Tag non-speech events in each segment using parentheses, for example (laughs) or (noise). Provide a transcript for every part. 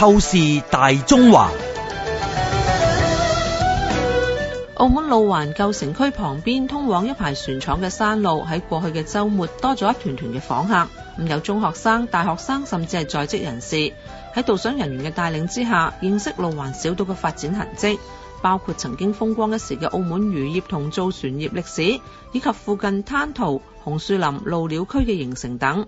透視大中華。澳門路環舊城區旁邊通往一排船廠嘅山路，喺過去嘅周末多咗一團團嘅訪客。咁有中學生、大學生，甚至係在職人士，喺導賞人員嘅帶領之下，認識路環小島嘅發展痕跡，包括曾經風光一時嘅澳門漁業同造船業歷史，以及附近灘塗、紅樹林、鷺鳥區嘅形成等。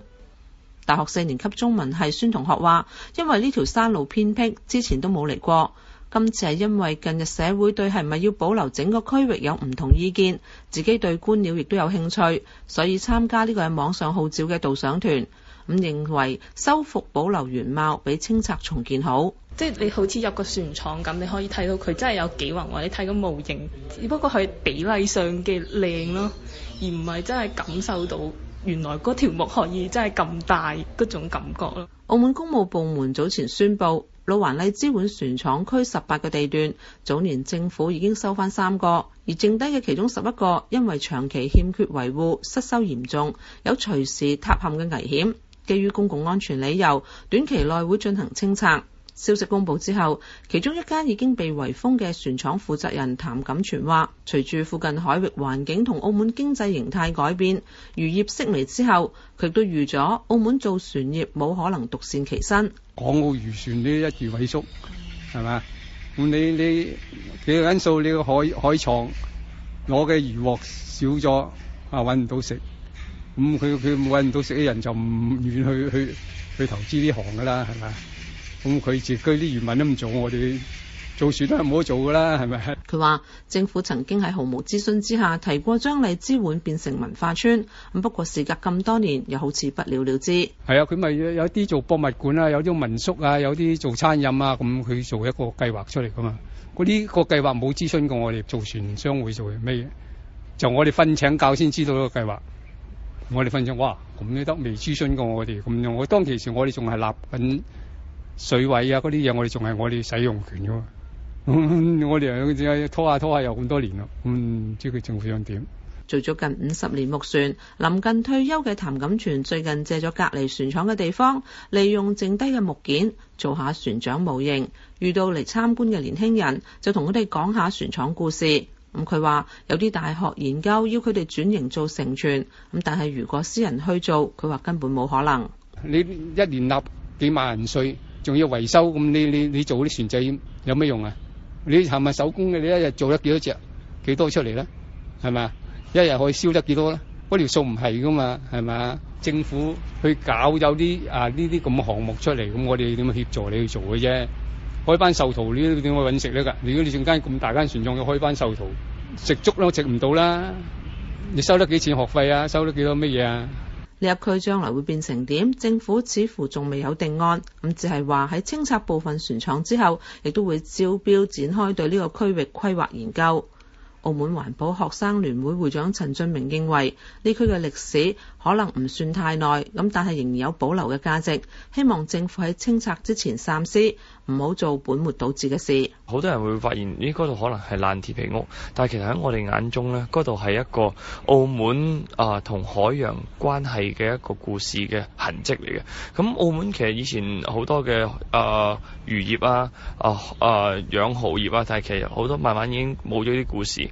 大學四年級中文系孫同學話：因為呢條山路偏僻，之前都冇嚟過。今次係因為近日社會對係咪要保留整個區域有唔同意見，自己對觀鳥亦都有興趣，所以參加呢個喺網上號召嘅導賞團。咁認為修復保留原貌比清拆重建好。即係你好似入個船廠咁，你可以睇到佢真係有幾宏偉。或者你睇個模型，只不過佢比例上嘅靚咯，而唔係真係感受到。原來嗰條木可以真係咁大嗰種感覺。澳門公務部門早前宣布，路環荔枝碗船廠區十八個地段，早年政府已經收翻三個，而剩低嘅其中十一個，因為長期欠缺維護，失修嚴重，有隨時塌陷嘅危險。基於公共安全理由，短期內會進行清拆。消息公布之後，其中一間已經被圍封嘅船廠負責人譚錦全話，隨住附近海域環境同澳門經濟形態改變，漁業式微之後，佢都預咗澳門造船業冇可能獨善其身。港澳漁船呢一直萎縮，係咪？咁你你幾個因素？你個海海廠攞嘅漁獲少咗啊，搵唔到食。咁佢佢搵唔到食嘅人就唔願去去去投資呢行噶啦，係咪？咁佢自己啲漁民都唔做，我哋做船都係唔好做噶啦，係咪？佢話政府曾經喺毫無諮詢之下提過將荔枝碗變成文化村，咁不過事隔咁多年，又好似不了了之。係啊，佢咪有啲做博物館啊，有啲民宿啊，有啲做餐飲啊，咁佢做一個計劃出嚟噶嘛？嗰呢個計劃冇諮詢過我哋，做船商會做咩嘢？就我哋瞓請教先知道呢個計劃。我哋瞓請，哇，咁你都未諮詢過我哋咁樣，我當其時我哋仲係立緊。水位啊，嗰啲嘢我哋仲係我哋使用權嘅 (laughs) 我哋又拖下拖下又咁多年啦。唔知佢政府想點？做咗近五十年木船，臨近退休嘅譚錦泉最近借咗隔離船廠嘅地方，利用剩低嘅木件做下船長模型。遇到嚟參觀嘅年輕人，就同佢哋講下船廠故事。咁佢話有啲大學研究要佢哋轉型做成船，咁但係如果私人去做，佢話根本冇可能。你一年立幾萬人稅？仲要維修咁，你你你做啲船仔有咩用啊？你係咪手工嘅？你一日做得幾多隻？幾多出嚟咧？係咪啊？一日可以燒得幾多咧？嗰條數唔係噶嘛，係咪啊？政府去搞有啲啊呢啲咁嘅項目出嚟，咁我哋點樣協助你去做嘅啫？開班授徒你點樣揾食咧？噶，如果你陣間咁大間船廠要開班授徒，食粥都食唔到啦！你收得幾錢學費啊？收得幾多乜嘢啊？呢一區將來會變成點？政府似乎仲未有定案，咁只係話喺清拆部分船廠之後，亦都會招標展開對呢個區域規劃研究。澳門環保學生聯會會長陳俊明認為，呢區嘅歷史可能唔算太耐，咁但係仍然有保留嘅價值。希望政府喺清拆之前三思，唔好做本末倒置嘅事。好多人會發現呢度可能係爛鐵皮屋，但係其實喺我哋眼中呢，嗰度係一個澳門啊同海洋關係嘅一個故事嘅痕迹嚟嘅。咁澳門其實以前好多嘅、呃、啊漁業啊啊啊養蠔業啊，但係其實好多慢慢已經冇咗啲故事。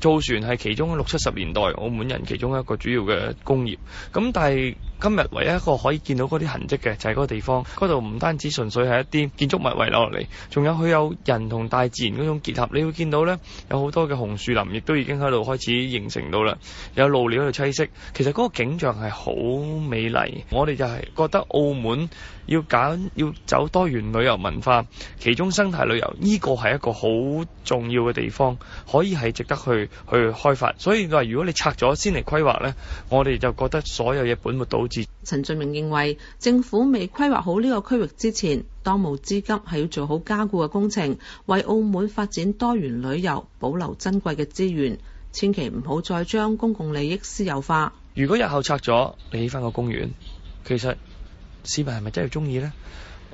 造船係其中六七十年代澳門人其中一個主要嘅工業，咁但係今日唯一一個可以見到嗰啲痕跡嘅就係、是、嗰個地方，嗰度唔單止純粹係一啲建築物遺留落嚟，仲有佢有人同大自然嗰種結合，你會見到呢，有好多嘅紅樹林，亦都已經喺度開始形成到啦，有鷺鳥喺度棲息，其實嗰個景象係好美麗。我哋就係覺得澳門要揀要走多元旅遊文化，其中生態旅遊呢、這個係一個好重要嘅地方，可以係值得去。去開發，所以話如果你拆咗先嚟規劃呢，我哋就覺得所有嘢本末倒置。陳俊明認為政府未規劃好呢個區域之前，當務之急係要做好加固嘅工程，為澳門發展多元旅遊保留珍貴嘅資源，千祈唔好再將公共利益私有化。如果日後拆咗，你起翻個公園，其實市民係咪真係中意呢？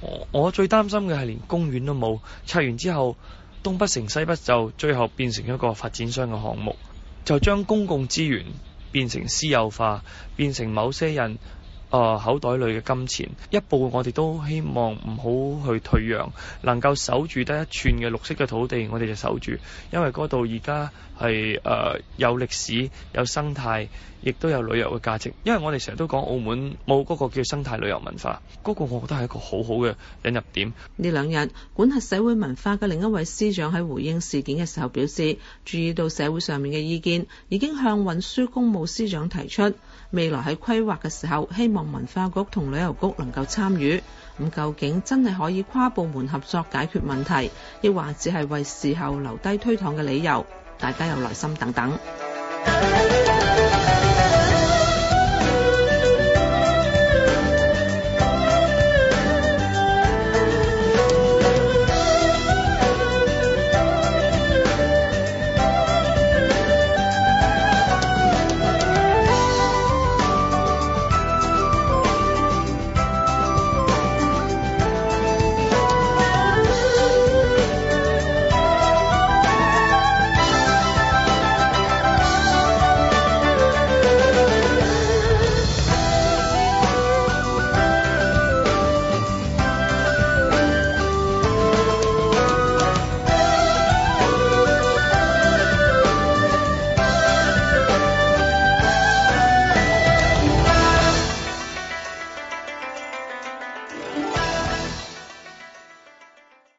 我我最擔心嘅係連公園都冇，拆完之後。東不成西不就，最後變成一個發展商嘅項目，就將公共資源變成私有化，變成某些人。啊！口袋裏嘅金錢，一步我哋都希望唔好去退讓，能夠守住得一寸嘅綠色嘅土地，我哋就守住，因為嗰度而家係誒有歷史、有生態，亦都有旅遊嘅價值。因為我哋成日都講澳門冇嗰個叫生態旅遊文化，嗰個我覺得係一個好好嘅引入點。呢兩日，管轄社會文化嘅另一位司長喺回應事件嘅時候表示，注意到社會上面嘅意見已經向運輸公務司長提出未來喺規劃嘅時候，希望。文化局同旅遊局能夠參與，咁究竟真係可以跨部門合作解決問題，亦或只係為事後留低推搪嘅理由？大家有耐心等等。